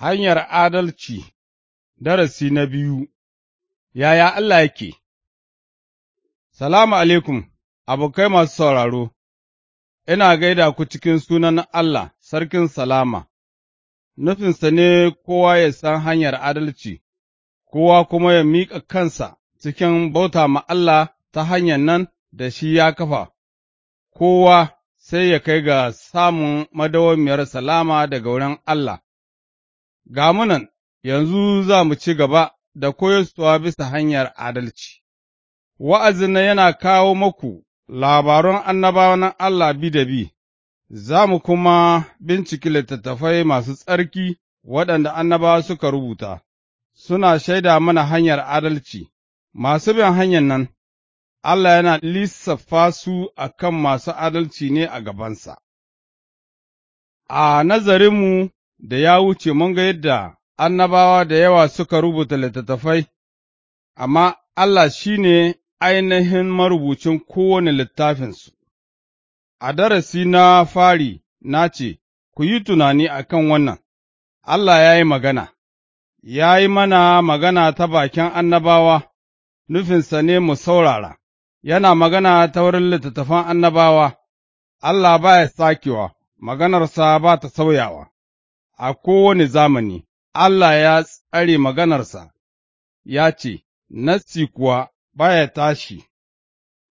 Hanyar adalci Darasi na biyu Yaya Allah yake Salamu alaikum, abokai masu sauraro, ina gaida ku cikin sunan Allah, Sarkin Salama, nufinsa ne kowa ya san hanyar adalci, kowa kuma ya miƙa kansa cikin bauta ma Allah ta hanyar nan da shi ya kafa, kowa sai ya kai ga samun madawamiyar salama daga wurin Allah. ga munan yanzu za mu ci gaba da koyarwa bisa hanyar adalci, wa'azin nan yana kawo maku labaran annabawan Allah bi da bi, za mu kuma binciki littattafai masu tsarki waɗanda annabawa suka rubuta, suna shaida mana hanyar adalci, masu bin hanyar nan, Allah yana lissafa su a kan masu adalci ne a gabansa. A nazarinmu da ya wuce mun ga yadda annabawa da yawa suka rubuta littattafai, amma Allah shi ne ainihin marubucin kowane littafinsu. A darasi na fari na ce, Ku yi tunani a kan wannan, Allah ya yi magana, ya yi mana magana ta bakin annabawa, nufinsa ne mu saurara, yana magana ta wurin littattafan annabawa, Allah ba ya sakewa, maganarsa ba ta sauyawa. a kowane zamani, Allah ya tsare maganarsa, ya ce, Nassi kuwa baya tashi,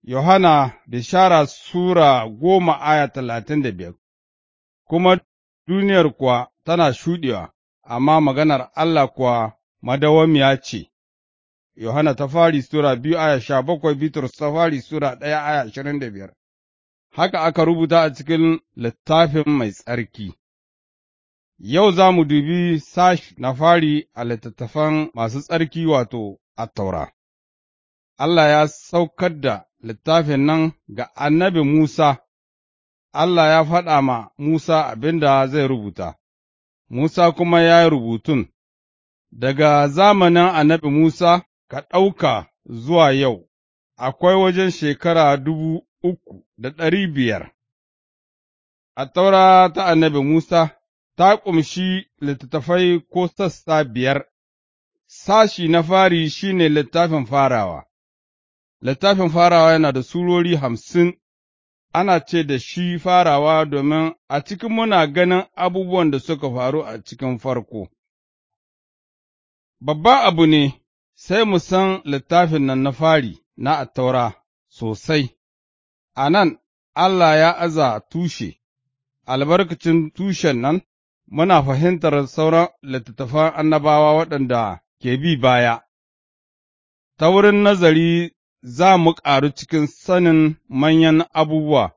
Yohana Bishara Sura goma aya talatin da biyar, kuma duniyar kuwa tana shuɗewa, amma maganar Allah kuwa madawamiya ce. Yohana ta fari Sura biyu aya sha bakwai, Bitrus ta fari Sura ɗaya aya ashirin da biyar, haka aka rubuta a cikin littafin mai tsarki. Yau za mu dubi sash na fari a littattafan masu tsarki wato attaura. Allah ya saukar da littafin nan ga annabi Musa, Allah ya faɗa ma Musa abin da zai rubuta, Musa kuma ya yi rubutun, daga zamanin annabi Musa ka ɗauka zuwa yau, akwai wajen shekara dubu uku da ɗari biyar. A taura ta annabi Musa ta ƙumshi littattafai ko sassa biyar, sashi na fari shi ne littafin farawa, littafin farawa yana da surori hamsin, ana ce da shi farawa domin a cikin muna ganin abubuwan da suka faru a cikin farko. Babban abu ne sai mu san littafin nan na fari na attaura sosai, a nan Allah ya aza tushe, albarkacin tushen nan. muna fahimtar sauran littattafan annabawa waɗanda ke bi baya, ta wurin nazari za mu ƙaru cikin sanin manyan abubuwa,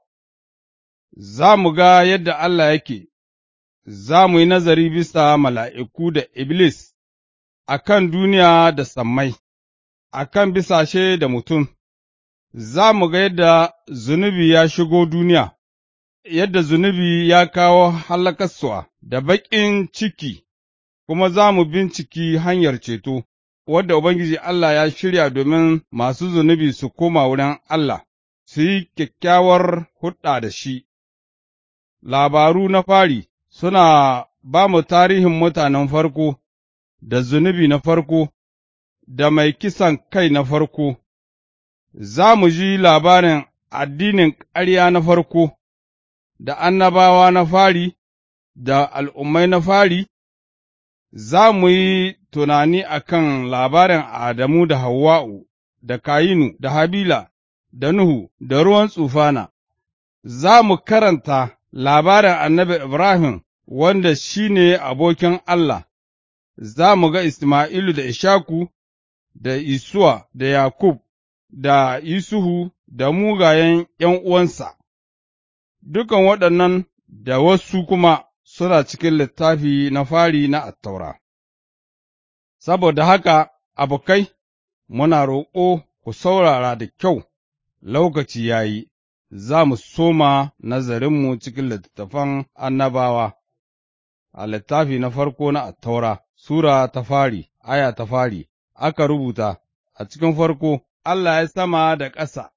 za mu ga yadda Allah yake, za mu yi nazari bisa mala'iku da Iblis a kan duniya da sammai, a kan bisashe da mutum, za mu ga yadda zunubi ya shigo duniya, yadda zunubi ya kawo halakarsuwa. da baƙin ciki, kuma za mu binciki hanyar ceto, wadda Ubangiji Allah ya shirya domin masu zunubi su koma wurin Allah, su yi kyakkyawar hudda da shi. Labaru na fari suna ba mu tarihin mutanen farko, da zunubi na farko, da mai kisan kai na farko, za mu ji labarin addinin ƙarya na farko, da annabawa na fari, da al'ummai na fari, za mu yi tunani a kan labarin Adamu da Hawwa'u, da Kayinu, da Habila, da Nuhu, da ruwan tsufana, za mu karanta labarin annabi Ibrahim wanda shi ne abokin Allah, za mu ga Isma'ilu da Ishaku, da Isuwa, da Yakub, da Isuhu, da mugayen ’yan uwansa, dukan waɗannan da wasu kuma suna cikin littafi na fari na attaura. Saboda haka, abokai, muna roƙo ku saurara da kyau, lokaci ya yi, za mu soma nazarinmu cikin littattafan annabawa, a littafi na farko na attaura, Sura ta fari, aya ta fari, aka rubuta, a cikin farko, Allah ya sama da ƙasa,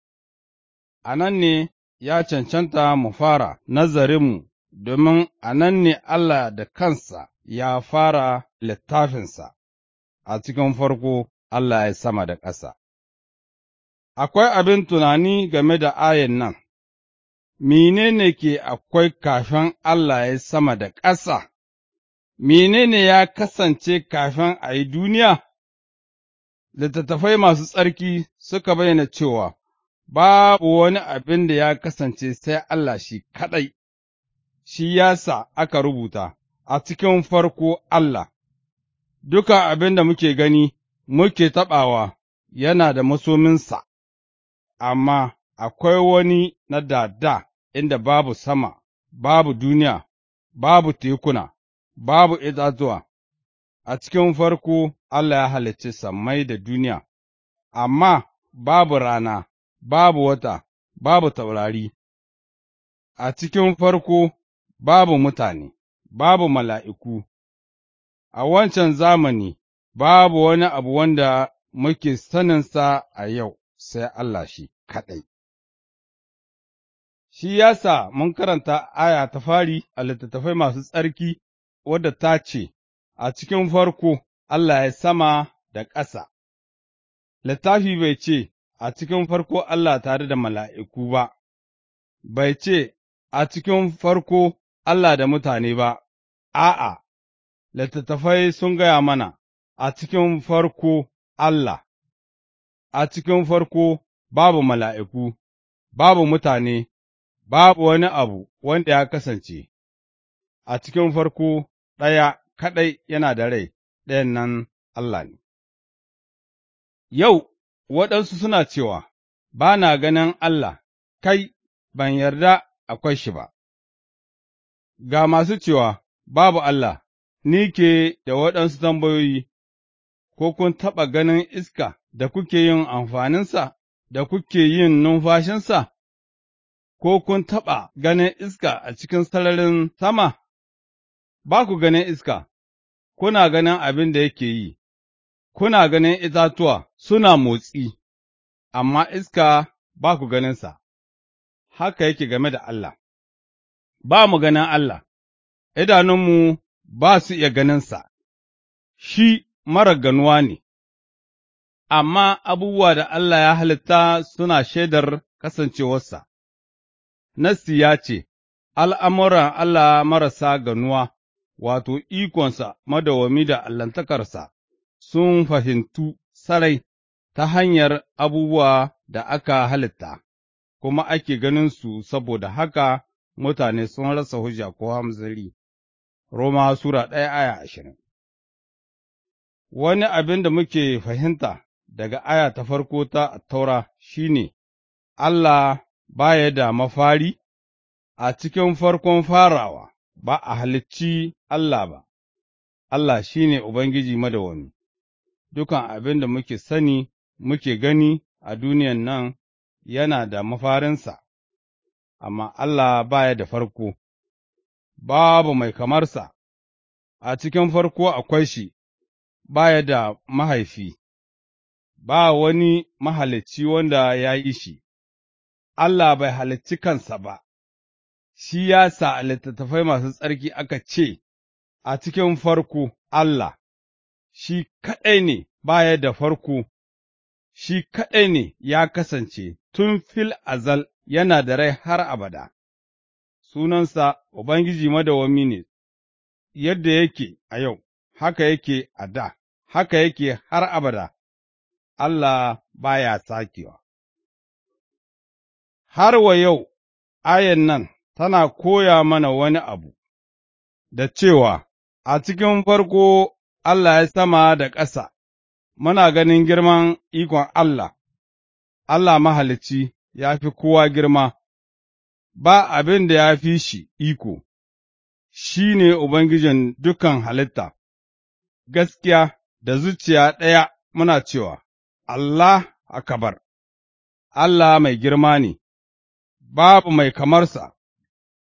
a nan ne ya cancanta mu fara nazarinmu domin a nan ne Allah da kansa ya fara littafinsa, a cikin farko Allah ya sama da ƙasa. Akwai abin tunani game da ayin nan, menene ke akwai kafin Allah ya sama da ƙasa, menene ya kasance kafin a yi duniya? Littattafai masu tsarki suka bayyana cewa babu wani abin da ya kasance sai Allah shi kaɗai. shi yasa aka rubuta a cikin farko Allah, duka abin da muke gani muke taɓawa yana da masominsa, amma akwai wani na dada inda babu sama, babu duniya, babu tekuna, babu itatuwa, a cikin farko Allah ya halicci sammai da duniya, amma babu rana, babu wata, babu taurari. A cikin farko babu mutane, babu mala'iku, a wancan zamani babu wani abu wanda muke saninsa a yau sai Allah shi kaɗai. Shi ya sa mun karanta aya ta fari a littattafai masu tsarki wadda ta ce, A cikin farko Allah ya sama da ƙasa, littafi bai ce, A cikin farko Allah tare da mala'iku ba, bai ce, A cikin farko Allah da mutane ba, a'a, littattafai sun gaya mana a cikin farko Allah, a cikin farko babu mala'iku, babu mutane, babu wani abu wanda ya kasance, a cikin farko ɗaya kaɗai yana da rai, ɗayan nan Allah ne. Yau, waɗansu suna cewa, Ba na ganin Allah, kai, ban yarda akwai shi ba. Ga masu cewa, Babu Allah, ni ke da waɗansu tambayoyi, ko kun taɓa ganin iska da kuke yin amfaninsa, da kuke yin numfashinsa, ko kun taɓa ganin iska a cikin sararin sama? Ba ku ganin iska, kuna ganin abin da yake yi, kuna ganin itatuwa suna motsi, amma iska ba ku ganinsa, haka yake game da Allah. ba mu ganin Allah, idanunmu ba su iya ganinsa, shi marar ganuwa ne, amma abubuwa da Allah ya halitta suna shaidar kasancewarsa. Nassi ya ce, Al'amuran Allah marasa ganuwa, wato ikonsa madawami da allantakarsa, sun fahimtu sarai ta hanyar abubuwa da aka halitta, kuma ake ganinsu saboda haka mutane sun rasa hujja ko hamzari, Roma Sura ɗaya aya ashirin. Wani abin da muke fahimta daga aya ta farko ta taura shi ne, Allah baya da mafari, a cikin farkon farawa ba a halicci Allah ba, Allah shi ne Ubangiji madawani dukan abin da muke sani muke gani a duniyan nan yana da mafarinsa. amma Allah ba ya da farko, babu mai kamarsa, a cikin farko akwai shi, Ba ya da mahaifi, ba wani mahalicci wanda ya yi shi, Allah bai halicci kansa ba, shi ya sa littattafai masu tsarki aka ce, a cikin farko Allah, shi kaɗai ne baya da farko, shi kaɗai ne ya kasance tun fil azal yana da rai har abada, sunansa Ubangiji madawwami ne, yadda yake a yau, haka yake a da, haka yake har abada, Allah baya sakewa. Har wa yau, ayan nan tana koya mana wani abu, da cewa a cikin farko Allah ya sama da ƙasa, muna ganin girman ikon Allah, Allah mahalicci ya fi kowa girma, ba abin da ya fi shi iko, shi ne Ubangijin dukan halitta, gaskiya da zuciya ɗaya muna cewa, Allah akabar, Allah mai girma ne, babu mai kamarsa,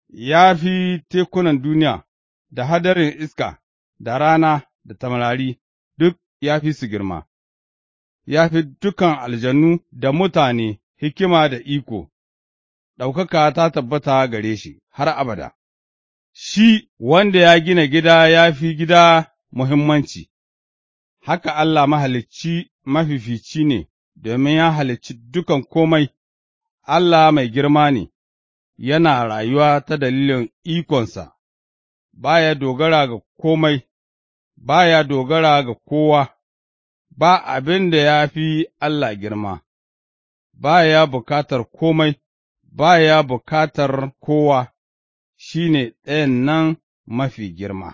ya fi tekunan duniya da hadarin iska da rana da tamarari duk ya fi su girma, ya fi dukan aljanu da mutane hikima da iko, ɗaukaka ta tabbata gare shi har abada. Shi wanda ya gina gida ya fi gida muhimmanci, haka Allah mahalicci mafifici ne, domin ya halicci dukan komai, Allah mai girma ne, yana rayuwa ta dalilin ikonsa, ba ya dogara ga komai, ba ya dogara ga kowa, ba abin da ya fi Allah girma. ba ya bukatar komai, ba ya bukatar kowa, shi ne ɗayan nan mafi girma.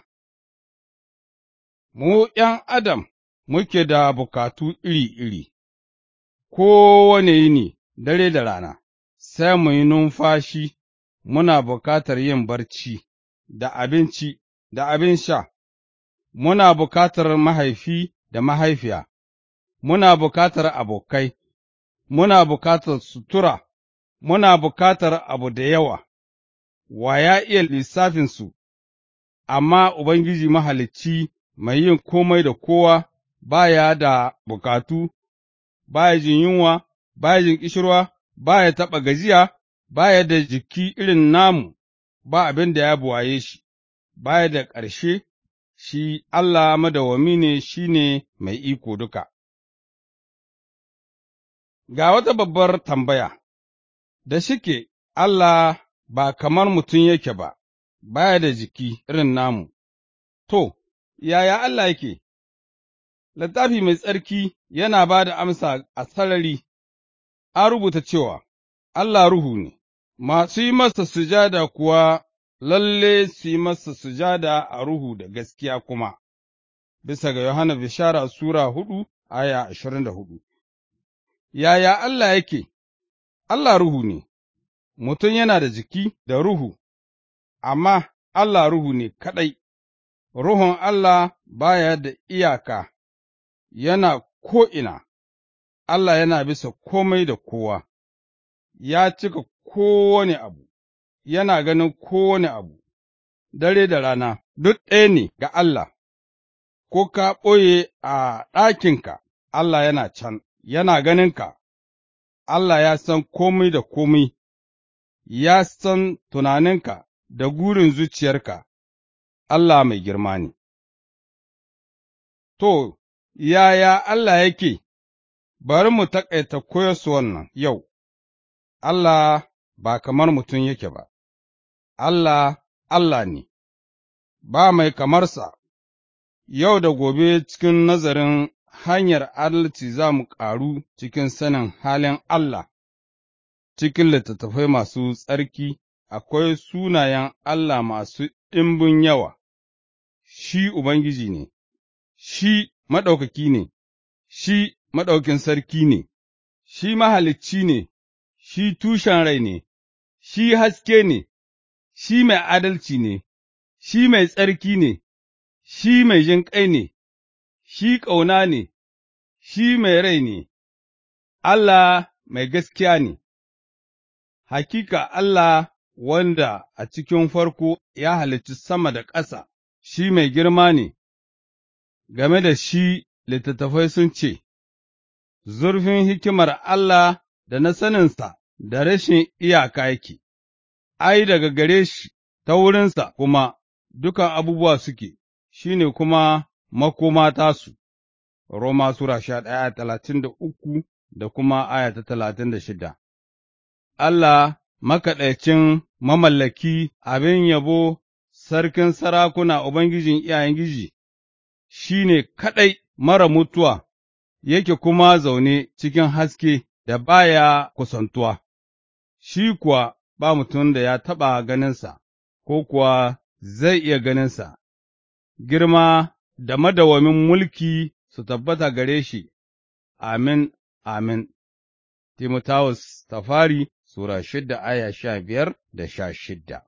Mu ’yan Adam muke da bukatu iri-iri, kowane yini, dare da rana, sai mu yi numfashi, muna bukatar yin barci, da abinci, da abin sha, muna bukatar mahaifi da mahaifiya, muna bukatar abokai, muna bukatar sutura, muna bukatar abu da yawa, wa ya iya lissafinsu, amma Ubangiji Mahalicci mai yin komai da kowa ba ya da bukatu, ba ya jin yunwa, ba ya jin ƙishirwa, ba ya taɓa gajiya, ba ya da jiki irin namu, ba abin da ya buwaye shi, ba ya da ƙarshe, shi Allah madawwami ne shi ne mai iko duka. Ga wata babbar tambaya, da shike Allah ba kamar mutum yake ba, baya da jiki irin namu, to, yaya Allah yake? Littafi mai tsarki yana ba da amsa a sarari, an rubuta cewa, Allah ruhu ne, masu yi masa sujada kuwa lalle su yi masa sujada a ruhu da gaskiya kuma, bisa ga Yohana Bishara Sura hudu aya ashirin da hudu. Yaya Allah yake? Allah ruhu ne, mutum yana da jiki da ruhu, amma Allah ruhu ne kaɗai, ruhun Allah baya da iyaka, yana ko'ina, Allah yana bisa komai da kowa, ya cika kowane abu, yana ganin kowane abu, dare da rana, duk ɗaya ne ga Allah, ko ka ɓoye a ɗakinka, Allah yana can. yana ganin ka, Allah ya san komai da komai, ya san tunaninka da gurin zuciyarka, Allah mai girma ne. To, yaya Allah yake, bari mu taƙaita su wannan yau, Allah ba kamar mutum yake ba, Allah, Allah ne, ba mai kamarsa, yau da gobe cikin nazarin hanyar adalci za mu ƙaru cikin sanin halin Allah, cikin littattafai masu tsarki akwai sunayen Allah masu ɗimbin yawa, shi Ubangiji ne, shi maɗaukaki ne, shi maɗaukin sarki ne, shi mahalicci ne, shi tushen rai ne, shi haske ne, shi mai adalci ne, shi mai tsarki ne, shi mai jinƙai ne, shi ƙauna ne, shi mai rai ne, Allah mai gaskiya ne, hakika Allah wanda a cikin farko ya halicci sama da ƙasa, shi mai girma ne, game da shi littattafai sun ce, Zurfin hikimar Allah da na saninsa da rashin iyaka yake, ai, daga gare shi ta wurinsa kuma dukan abubuwa suke, shi ne kuma makoma tasu. Roma Sura sha ɗaya talatin da uku da kuma aya ta talatin da shida. Allah makaɗaicin mamallaki abin yabo sarkin sarakuna Ubangijin iyayen giji, shi ne kaɗai mara mutuwa, yake kuma zaune cikin haske da baya kusantuwa, shi kuwa ba mutum da ya taɓa ganinsa, ko kuwa zai iya ganinsa, girma da madawamin mulki su tabbata gare shi, amin, amin. Timotawus ta fari Sura shidda aya sha biyar da sha shidda.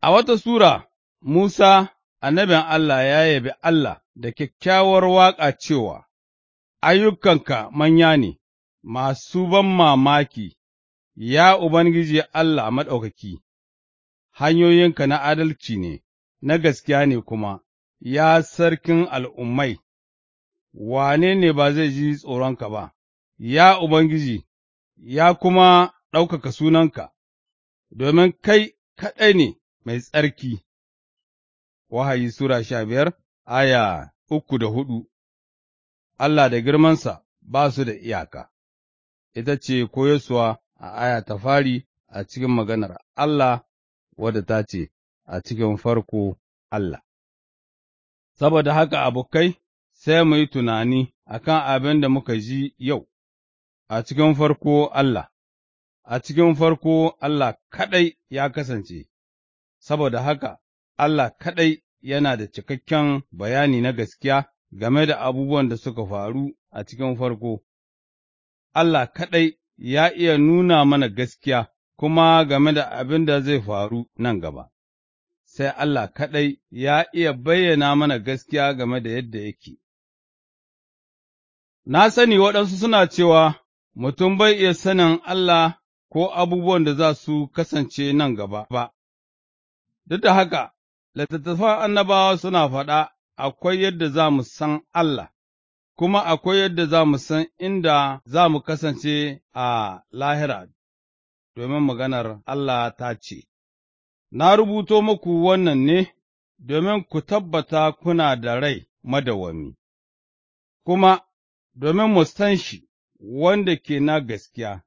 A wata Sura, Musa, annabin Allah ya yabi Allah da kyakkyawar waƙa cewa, Ayyukanka manya ne, masu ban mamaki, ya Ubangiji Allah maɗaukaki, hanyoyinka na adalci ne, na gaskiya ne kuma, Ya sarkin al'ummai, wane ne ba zai ji tsoronka ba, ya Ubangiji, ya kuma ɗaukaka sunanka, domin kai kaɗai ne mai tsarki. Wahayi Sura sha biyar, aya uku da hudu Allah da girmansa ba su da iyaka, ita ce koyosuwa a aya ta fari a cikin maganar Allah wadda ta ce, A cikin farko Allah. Saboda haka, abokai, sai mu yi tunani a kan abin da muka ji yau, a cikin farko Allah, a cikin farko Allah kaɗai ya kasance, saboda haka Allah kaɗai yana da cikakken bayani na gaskiya game da abubuwan da suka faru a cikin farko. Allah kaɗai ya iya nuna mana gaskiya kuma game da abin da zai faru nan gaba. sai Allah kaɗai ya iya bayyana mana gaskiya game da yadda yake. Na sani waɗansu suna cewa mutum bai iya sanin Allah ko abubuwan da za su kasance nan gaba ba, duk da haka, littattafan annabawa suna faɗa akwai yadda za mu san Allah, kuma akwai yadda za mu san inda za mu kasance a lahira, domin maganar Allah ta ce. Na rubuto muku wannan ne domin ku tabbata kuna da rai madawami kuma domin mu san shi wanda ke na gaskiya,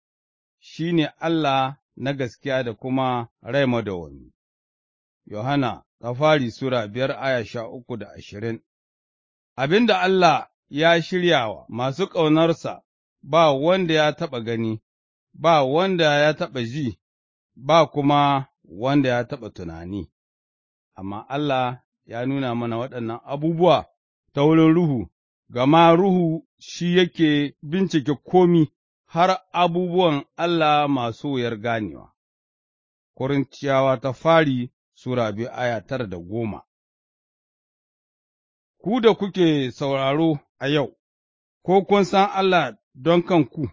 shi ne Allah na gaskiya da kuma rai madawami Yohana Tafari Sura biyar aya sha uku da ashirin Abin da Allah ya shirya wa masu ƙaunarsa ba wanda ya taɓa gani, ba wanda ya taɓa ji, ba kuma wanda ya taɓa tunani, amma Allah ya nuna mana waɗannan abubuwa ta wurin Ruhu, gama Ruhu shi yake bincike komi har abubuwan Allah masu wuyar ganewa. Korintiyawa ta fari Sura biyu aya tara da goma Ku da kuke sauraro a yau, ko kun san Allah don kanku,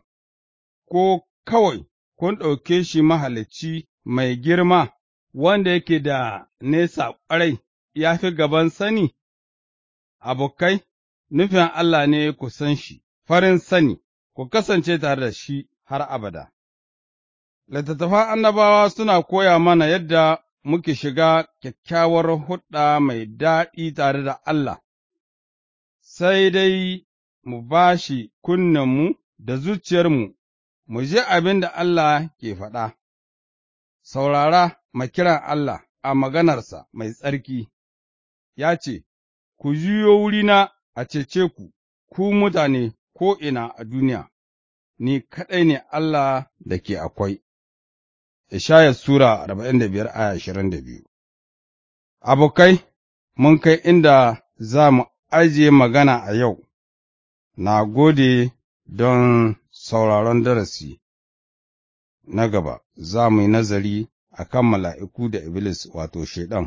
ko kawai kun ɗauke shi mahalicci mai girma wanda yake da nesa ƙwarai ya fi gaban sani? Abokai, nufin Allah ne ku san shi, farin sani, ku kasance tare da shi har abada. Littattafan annabawa suna koya mana yadda muke shiga kyakkyawar hudda mai daɗi tare da Allah, sai dai mu ba shi kunnenmu da zuciyarmu, mu je abin da Allah ke faɗa. saurara makiran Allah a maganarsa mai tsarki, ya ce, Ku juyo wurina a cece ku, ku mutane ko'ina a duniya, ni kaɗai ne Allah da ke akwai. Ishaya Sura arba'in da biyar aya Abokai, mun kai inda za mu ajiye magana a yau, na gode don sauraron darasi. na gaba za mu yi nazari a kan mala'iku da Iblis wato Shaiɗan,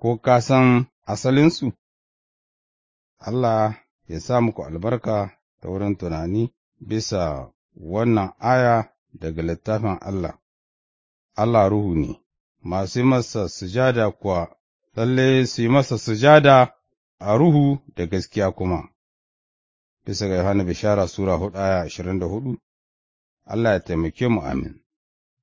ko ka san asalinsu? Allah ya sa muku albarka ta wurin tunani bisa wannan aya daga littafin Allah, Allah ruhu ne, masu masa sujada kuwa lalle su yi masa sujada a ruhu da gaskiya kuma. Bisa ga Yohana Bishara Sura hudu aya ashirin da hudu. Allah ya taimake mu amin.